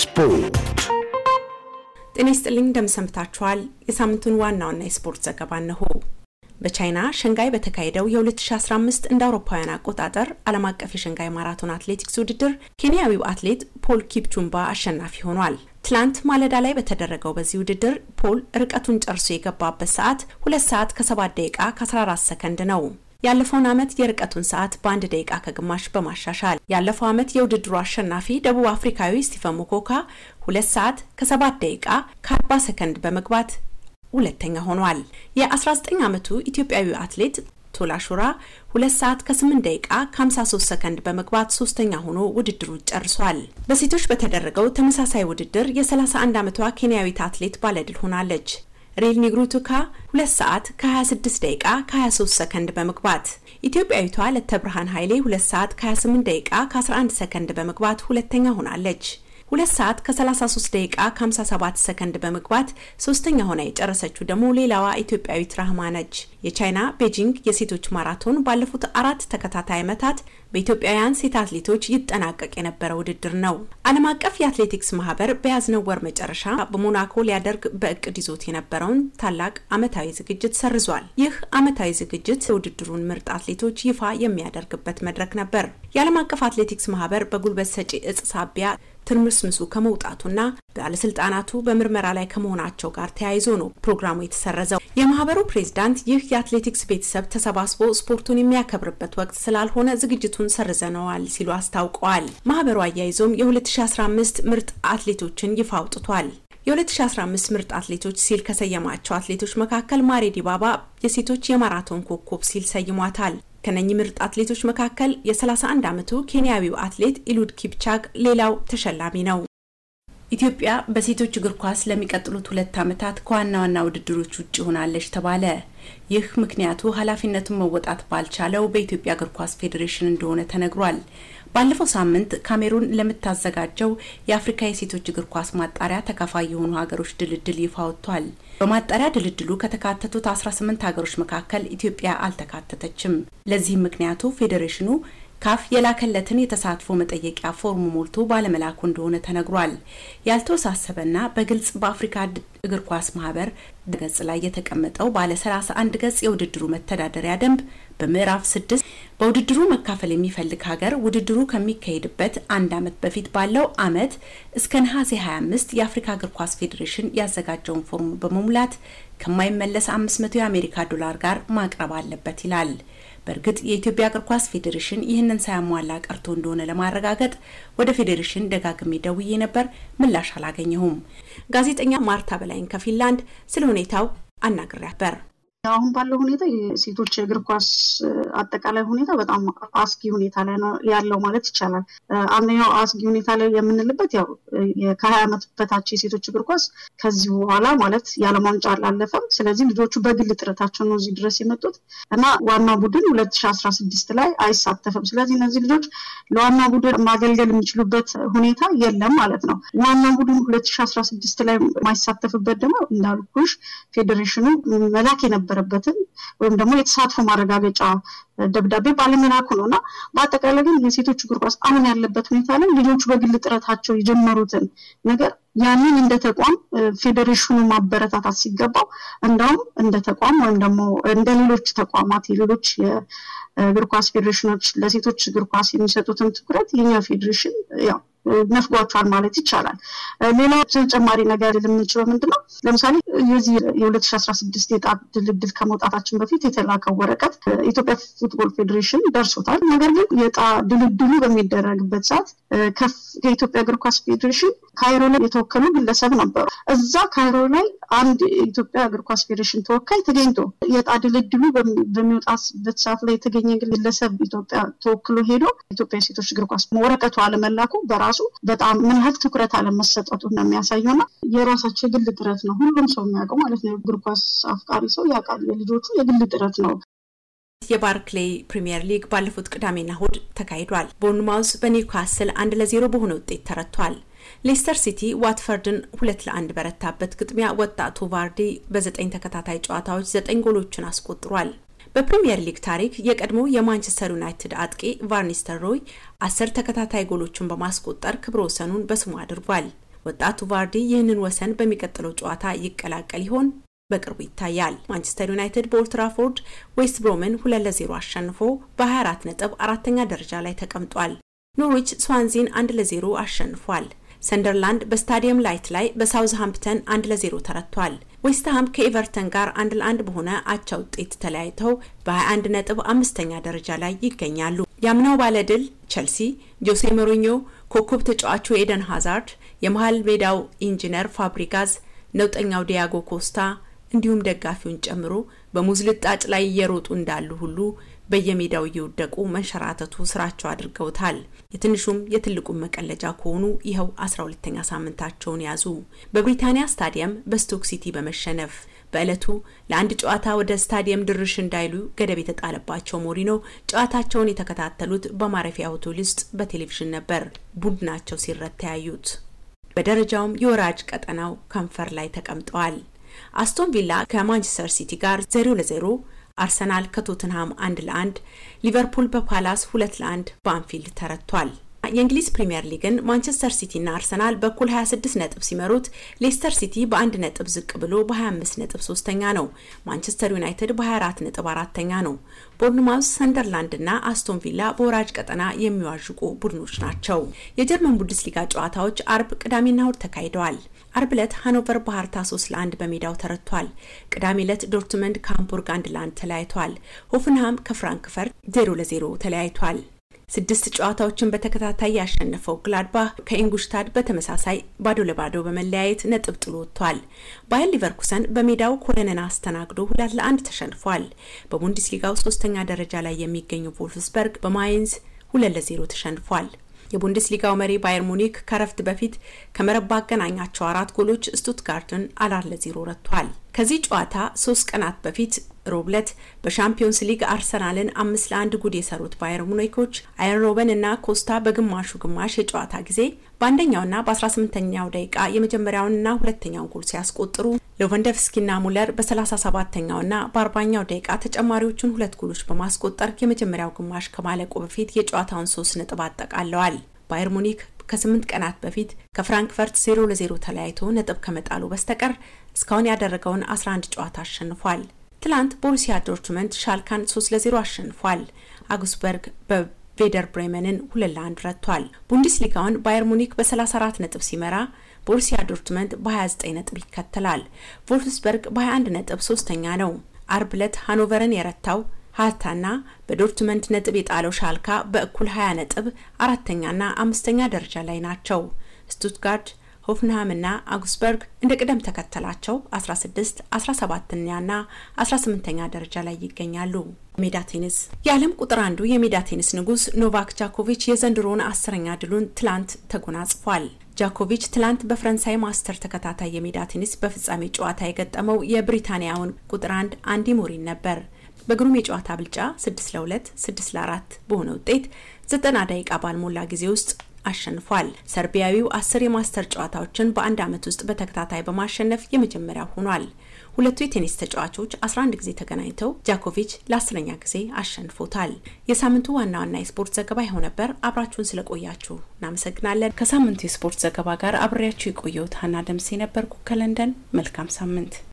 ስፖርት ጤና ይስጥልኝ። እንደምሰምታችኋል የሳምንቱን ዋና ዋና የስፖርት ዘገባ እነሆ። በቻይና ሸንጋይ በተካሄደው የ2015 እንደ አውሮፓውያን አቆጣጠር ዓለም አቀፍ የሸንጋይ ማራቶን አትሌቲክስ ውድድር ኬንያዊው አትሌት ፖል ኪፕቹምባ አሸናፊ ሆኗል። ትላንት ማለዳ ላይ በተደረገው በዚህ ውድድር ፖል ርቀቱን ጨርሶ የገባበት ሰዓት 2 ሰዓት ከ7 ደቂቃ ከ14 ሰከንድ ነው። ያለፈውን ዓመት የርቀቱን ሰዓት በአንድ ደቂቃ ከግማሽ በማሻሻል ያለፈው ዓመት የውድድሩ አሸናፊ ደቡብ አፍሪካዊ ስቲፈን ሞኮካ ሁለት ሰዓት ከሰባት ደቂቃ ከአርባ ሰከንድ በመግባት ሁለተኛ ሆኗል። የ19 ዓመቱ ኢትዮጵያዊ አትሌት ቶላ ሹራ ሁለት ሰዓት ከ8 ደቂቃ ከ53 ሰከንድ በመግባት ሶስተኛ ሆኖ ውድድሩን ጨርሷል። በሴቶች በተደረገው ተመሳሳይ ውድድር የ31 ዓመቷ ኬንያዊት አትሌት ባለድል ሆናለች። ሬል ኒግሩቱካ ሁለት ሰዓት ከ26 ደቂቃ ከ23 ሰከንድ በመግባት ኢትዮጵያዊቷ ለተብርሃን ኃይሌ 2 ሰዓት ከ28 ደቂቃ ከ11 ሰከንድ በመግባት ሁለተኛ ሆናለች። ሁለት ሰዓት ከ33 ደቂቃ ከ57 ሰከንድ በመግባት ሶስተኛ ሆና የጨረሰችው ደግሞ ሌላዋ ኢትዮጵያዊት ራህማ ነች። የቻይና ቤጂንግ የሴቶች ማራቶን ባለፉት አራት ተከታታይ ዓመታት በኢትዮጵያውያን ሴት አትሌቶች ይጠናቀቅ የነበረ ውድድር ነው። ዓለም አቀፍ የአትሌቲክስ ማህበር በያዝነው ወር መጨረሻ በሞናኮ ሊያደርግ በእቅድ ይዞት የነበረውን ታላቅ ዓመታዊ ዝግጅት ሰርዟል። ይህ ዓመታዊ ዝግጅት የውድድሩን ምርጥ አትሌቶች ይፋ የሚያደርግበት መድረክ ነበር። የዓለም አቀፍ አትሌቲክስ ማህበር በጉልበት ሰጪ እጽ ሳቢያ ትርምስምሱ ከመውጣቱና ባለስልጣናቱ በምርመራ ላይ ከመሆናቸው ጋር ተያይዞ ነው ፕሮግራሙ የተሰረዘው። የማህበሩ ፕሬዚዳንት ይህ የአትሌቲክስ ቤተሰብ ተሰባስቦ ስፖርቱን የሚያከብርበት ወቅት ስላልሆነ ዝግጅቱን ሰርዘነዋል ሲሉ አስታውቀዋል። ማህበሩ አያይዞም የ2015 ምርጥ አትሌቶችን ይፋ አውጥቷል። የ2015 ምርጥ አትሌቶች ሲል ከሰየማቸው አትሌቶች መካከል ማሬ ዲባባ የሴቶች የማራቶን ኮከብ ሲል ሰይሟታል። ከነኚህ ምርጥ አትሌቶች መካከል የ31 ዓመቱ ኬንያዊው አትሌት ኢሉድ ኪፕቻግ ሌላው ተሸላሚ ነው። ኢትዮጵያ በሴቶች እግር ኳስ ለሚቀጥሉት ሁለት ዓመታት ከዋና ዋና ውድድሮች ውጭ ሆናለች ተባለ። ይህ ምክንያቱ ኃላፊነቱን መወጣት ባልቻለው በኢትዮጵያ እግር ኳስ ፌዴሬሽን እንደሆነ ተነግሯል። ባለፈው ሳምንት ካሜሩን ለምታዘጋጀው የአፍሪካ የሴቶች እግር ኳስ ማጣሪያ ተካፋይ የሆኑ ሀገሮች ድልድል ይፋ ወጥቷል። በማጣሪያ ድልድሉ ከተካተቱት 18 ሀገሮች መካከል ኢትዮጵያ አልተካተተችም። ለዚህም ምክንያቱ ፌዴሬሽኑ ካፍ የላከለትን የተሳትፎ መጠየቂያ ፎርም ሞልቶ ባለመላኩ እንደሆነ ተነግሯል። ያልተወሳሰበና በግልጽ በአፍሪካ እግር ኳስ ማህበር ገጽ ላይ የተቀመጠው ባለ 31 ገጽ የውድድሩ መተዳደሪያ ደንብ በምዕራፍ ስድስት በውድድሩ መካፈል የሚፈልግ ሀገር ውድድሩ ከሚካሄድበት አንድ ዓመት በፊት ባለው ዓመት እስከ ነሐሴ 25 የአፍሪካ እግር ኳስ ፌዴሬሽን ያዘጋጀውን ፎርም በመሙላት ከማይመለስ 500 የአሜሪካ ዶላር ጋር ማቅረብ አለበት ይላል። በእርግጥ የኢትዮጵያ እግር ኳስ ፌዴሬሽን ይህንን ሳያሟላ ቀርቶ እንደሆነ ለማረጋገጥ ወደ ፌዴሬሽን ደጋግሜ ደውዬ ነበር፣ ምላሽ አላገኘሁም። ጋዜጠኛ ማርታ በላይን ከፊንላንድ ስለ ሁኔታው አናግሬ ነበር። አሁን ባለው ሁኔታ የሴቶች እግር ኳስ አጠቃላይ ሁኔታ በጣም አስጊ ሁኔታ ላይ ነው ያለው ማለት ይቻላል። አንደኛው አስጊ ሁኔታ ላይ የምንልበት ያው ከሀያ ዓመት በታች የሴቶች እግር ኳስ ከዚህ በኋላ ማለት የዓለም ዋንጫ አላለፈም። ስለዚህ ልጆቹ በግል ጥረታቸው ነው እዚህ ድረስ የመጡት እና ዋና ቡድን ሁለት ሺ አስራ ስድስት ላይ አይሳተፍም። ስለዚህ እነዚህ ልጆች ለዋና ቡድን ማገልገል የሚችሉበት ሁኔታ የለም ማለት ነው። ዋና ቡድን ሁለት ሺ አስራ ስድስት ላይ የማይሳተፍበት ደግሞ እንዳልኩሽ ፌዴሬሽኑ መላክ የነበር የነበረበትን ወይም ደግሞ የተሳትፎ ማረጋገጫ ደብዳቤ ባለመላኩ ነው እና በአጠቃላይ ግን የሴቶች እግር ኳስ አሁን ያለበት ሁኔታ ላይ ልጆቹ በግል ጥረታቸው የጀመሩትን ነገር ያንን እንደ ተቋም ፌዴሬሽኑ ማበረታታት ሲገባው እንዳውም እንደ ተቋም ወይም ደግሞ እንደ ሌሎች ተቋማት የሌሎች የእግር ኳስ ፌዴሬሽኖች ለሴቶች እግር ኳስ የሚሰጡትን ትኩረት የኛ ፌዴሬሽን ያው ነፍጓቸዋል ማለት ይቻላል። ሌላ ተጨማሪ ነገር የምንችለው ምንድነው? ለምሳሌ የዚህ የ2016 የዕጣ ድልድል ከመውጣታችን በፊት የተላከው ወረቀት ኢትዮጵያ ፉትቦል ፌዴሬሽን ደርሶታል። ነገር ግን የጣ ድልድሉ በሚደረግበት ሰዓት ከኢትዮጵያ እግር ኳስ ፌዴሬሽን ካይሮ ላይ የተወከሉ ግለሰብ ነበሩ። እዛ ካይሮ ላይ አንድ የኢትዮጵያ እግር ኳስ ፌዴሬሽን ተወካይ ተገኝቶ የጣ ድልድሉ በሚወጣበት ሰዓት ላይ የተገኘ ግለሰብ ኢትዮጵያ ተወክሎ ሄዶ ኢትዮጵያ ሴቶች እግር ኳስ ወረቀቱ አለመላኩ በራሱ ራሱ በጣም ምን ያህል ትኩረት አለመሰጠቱ ነው የሚያሳየው ና የራሳቸው የግል ጥረት ነው። ሁሉም ሰው የሚያውቀው ማለት ነው። እግር ኳስ አፍቃሪ ሰው ያውቃል። የልጆቹ የግል ጥረት ነው። የባርክሌይ ፕሪምየር ሊግ ባለፉት ቅዳሜና ሁድ ተካሂዷል። ቦንማውስ በኒውካስል አንድ ለዜሮ በሆነ ውጤት ተረቷል። ሌስተር ሲቲ ዋትፈርድን ሁለት ለአንድ በረታበት ግጥሚያ ወጣቱ ቫርዲ በዘጠኝ ተከታታይ ጨዋታዎች ዘጠኝ ጎሎችን አስቆጥሯል። በፕሪምየር ሊግ ታሪክ የቀድሞ የማንቸስተር ዩናይትድ አጥቂ ቫርኒስተር ሮይ አስር ተከታታይ ጎሎችን በማስቆጠር ክብረ ወሰኑን በስሙ አድርጓል። ወጣቱ ቫርዲ ይህንን ወሰን በሚቀጥለው ጨዋታ ይቀላቀል ይሆን? በቅርቡ ይታያል። ማንቸስተር ዩናይትድ በኦልትራፎርድ ዌስት ብሮምን ሁለት ለዜሮ አሸንፎ በ24 ነጥብ አራተኛ ደረጃ ላይ ተቀምጧል። ኖርዊች ስዋንዚን አንድ ለዜሮ አሸንፏል። ሰንደርላንድ በስታዲየም ላይት ላይ በሳውዝሃምፕተን አንድ ለዜሮ ተረቷል። ዌስትሃም ከኤቨርተን ጋር አንድ ለአንድ በሆነ አቻ ውጤት ተለያይተው በ21 ነጥብ አምስተኛ ደረጃ ላይ ይገኛሉ። ያምናው ባለድል ቸልሲ ጆሴ ሞሪኞ፣ ኮከብ ተጫዋቹ ኤደን ሃዛርድ፣ የመሀል ሜዳው ኢንጂነር ፋብሪጋዝ፣ ነውጠኛው ዲያጎ ኮስታ እንዲሁም ደጋፊውን ጨምሮ በሙዝልጣጭ ላይ እየሮጡ እንዳሉ ሁሉ በየሜዳው እየወደቁ መንሸራተቱ ስራቸው አድርገውታል። የትንሹም የትልቁም መቀለጃ ከሆኑ ይኸው 12ተኛ ሳምንታቸውን ያዙ። በብሪታንያ ስታዲየም በስቶክ ሲቲ በመሸነፍ በዕለቱ ለአንድ ጨዋታ ወደ ስታዲየም ድርሽ እንዳይሉ ገደብ የተጣለባቸው ሞሪኖ ጨዋታቸውን የተከታተሉት በማረፊያ ሆቴል ውስጥ በቴሌቪዥን ነበር። ቡድናቸው ሲረት ተያዩት። በደረጃውም የወራጅ ቀጠናው ከንፈር ላይ ተቀምጠዋል። አስቶን ቪላ ከማንቸስተር ሲቲ ጋር ዜሮ ለዜሮ አርሰናል ከቶትንሃም አንድ ለአንድ፣ ሊቨርፑል በፓላስ ሁለት ለአንድ በአንፊልድ ተረቷል። የእንግሊዝ ፕሪምየር ሊግን ማንቸስተር ሲቲና አርሰናል በኩል 26 ነጥብ ሲመሩት ሌስተር ሲቲ በአንድ ነጥብ ዝቅ ብሎ በ25 ነጥብ ሶስተኛ ነው። ማንቸስተር ዩናይትድ በ24 ነጥብ አራተኛ ነው። ሰንደርላንድ ሰንደርላንድና አስቶን ቪላ በወራጅ ቀጠና የሚዋዥቁ ቡድኖች ናቸው። የጀርመን ቡንደስሊጋ ጨዋታዎች አርብ፣ ቅዳሜና እሁድ ተካሂደዋል። አርብ ዕለት ሃኖቨር ባህርታ 3 ለአንድ በሜዳው ተረቷል። ቅዳሜ ዕለት ዶርትመንድ ከሃምቡርግ አንድ ለአንድ ተለያይቷል። ሆፍንሃም ከፍራንክፈርት 0 ለ0 ተለያይቷል። ስድስት ጨዋታዎችን በተከታታይ ያሸነፈው ግላድባህ ከኢንጉሽታድ በተመሳሳይ ባዶ ለባዶ በመለያየት ነጥብ ጥሎ ወጥቷል። ባየር ሊቨርኩሰን በሜዳው ኮለንን አስተናግዶ ሁለት ለአንድ ተሸንፏል። በቡንደስሊጋው ሶስተኛ ደረጃ ላይ የሚገኘው ቮልፍስበርግ በማይንዝ ሁለት ለዜሮ ተሸንፏል። የቡንደስሊጋው መሪ ባየር ሙኒክ ከረፍት በፊት ከመረብ ባገናኛቸው አራት ጎሎች ስቱትጋርትን አራት ለዜሮ ረቷል። ከዚህ ጨዋታ ሶስት ቀናት በፊት ሮብለት በሻምፒዮንስ ሊግ አርሰናልን አምስት ለአንድ ጉድ የሰሩት ባየር ሙኒኮች አየር ሮበን እና ኮስታ በግማሹ ግማሽ የጨዋታ ጊዜ በአንደኛውና በ18ኛው ደቂቃ የመጀመሪያውንና ሁለተኛውን ጎል ሲያስቆጥሩ ሌቫንዶቭስኪና ሙለር በ37ኛውና በ40ኛው ደቂቃ ተጨማሪዎቹን ሁለት ጎሎች በማስቆጠር የመጀመሪያው ግማሽ ከማለቁ በፊት የጨዋታውን ሶስት ነጥብ አጠቃለዋል። ባየር ሙኒክ ከስምንት ቀናት በፊት ከፍራንክፈርት ዜሮ ለዜሮ ተለያይቶ ነጥብ ከመጣሉ በስተቀር እስካሁን ያደረገውን 11 ጨዋታ አሸንፏል። ትላንት ቦሩሲያ ዶርትመንት ሻልካን 3 ለ0 አሸንፏል። አጉስበርግ በቬደር ብሬመንን 2 ለ1 ረቷል። ቡንደስሊጋውን ባየር ሙኒክ በ34 ነጥብ ሲመራ ቦሩሲያ ዶርትመንት በ29 ነጥብ ይከተላል። ቮልፍስበርግ በ21 ነጥብ ሶስተኛ ነው። አርብ ዕለት ሃኖቨርን የረታው ሀታና በዶርትመንድ ነጥብ የጣለው ሻልካ በእኩል 20 ነጥብ አራተኛና አምስተኛ ደረጃ ላይ ናቸው። ስቱትጋርድ፣ ና አጉስበርግ እንደ ቅደም ተከተላቸው 16፣ 17ኛና 18ኛ ደረጃ ላይ ይገኛሉ። ሜዳ ቴኒስ የዓለም ቁጥር አንዱ የሜዳ ቴኒስ ንጉስ ኖቫክ ጃኮቪች የዘንድሮውን አስረኛ ድሉን ትላንት ተጎናጽፏል። ጃኮቪች ትላንት በፈረንሳይ ማስተር ተከታታይ የሜዳ ቴኒስ በፍጻሜ ጨዋታ የገጠመው የብሪታንያውን ቁጥር አንድ አንዲ ሙሪን ነበር። በግሩም የጨዋታ ብልጫ 6 ለ2 6 ለ4 በሆነ ውጤት 90 ደቂቃ ባልሞላ ጊዜ ውስጥ አሸንፏል። ሰርቢያዊው አስር የማስተር ጨዋታዎችን በአንድ ዓመት ውስጥ በተከታታይ በማሸነፍ የመጀመሪያው ሆኗል። ሁለቱ የቴኒስ ተጫዋቾች 11 ጊዜ ተገናኝተው ጃኮቪች ለአስረኛ ጊዜ አሸንፎታል። የሳምንቱ ዋና ዋና የስፖርት ዘገባ ይኸው ነበር። አብራችሁን ስለቆያችሁ እናመሰግናለን። ከሳምንቱ የስፖርት ዘገባ ጋር አብሬያችሁ የቆየሁት ሀና ደምሴ ነበርኩ ከለንደን። መልካም ሳምንት።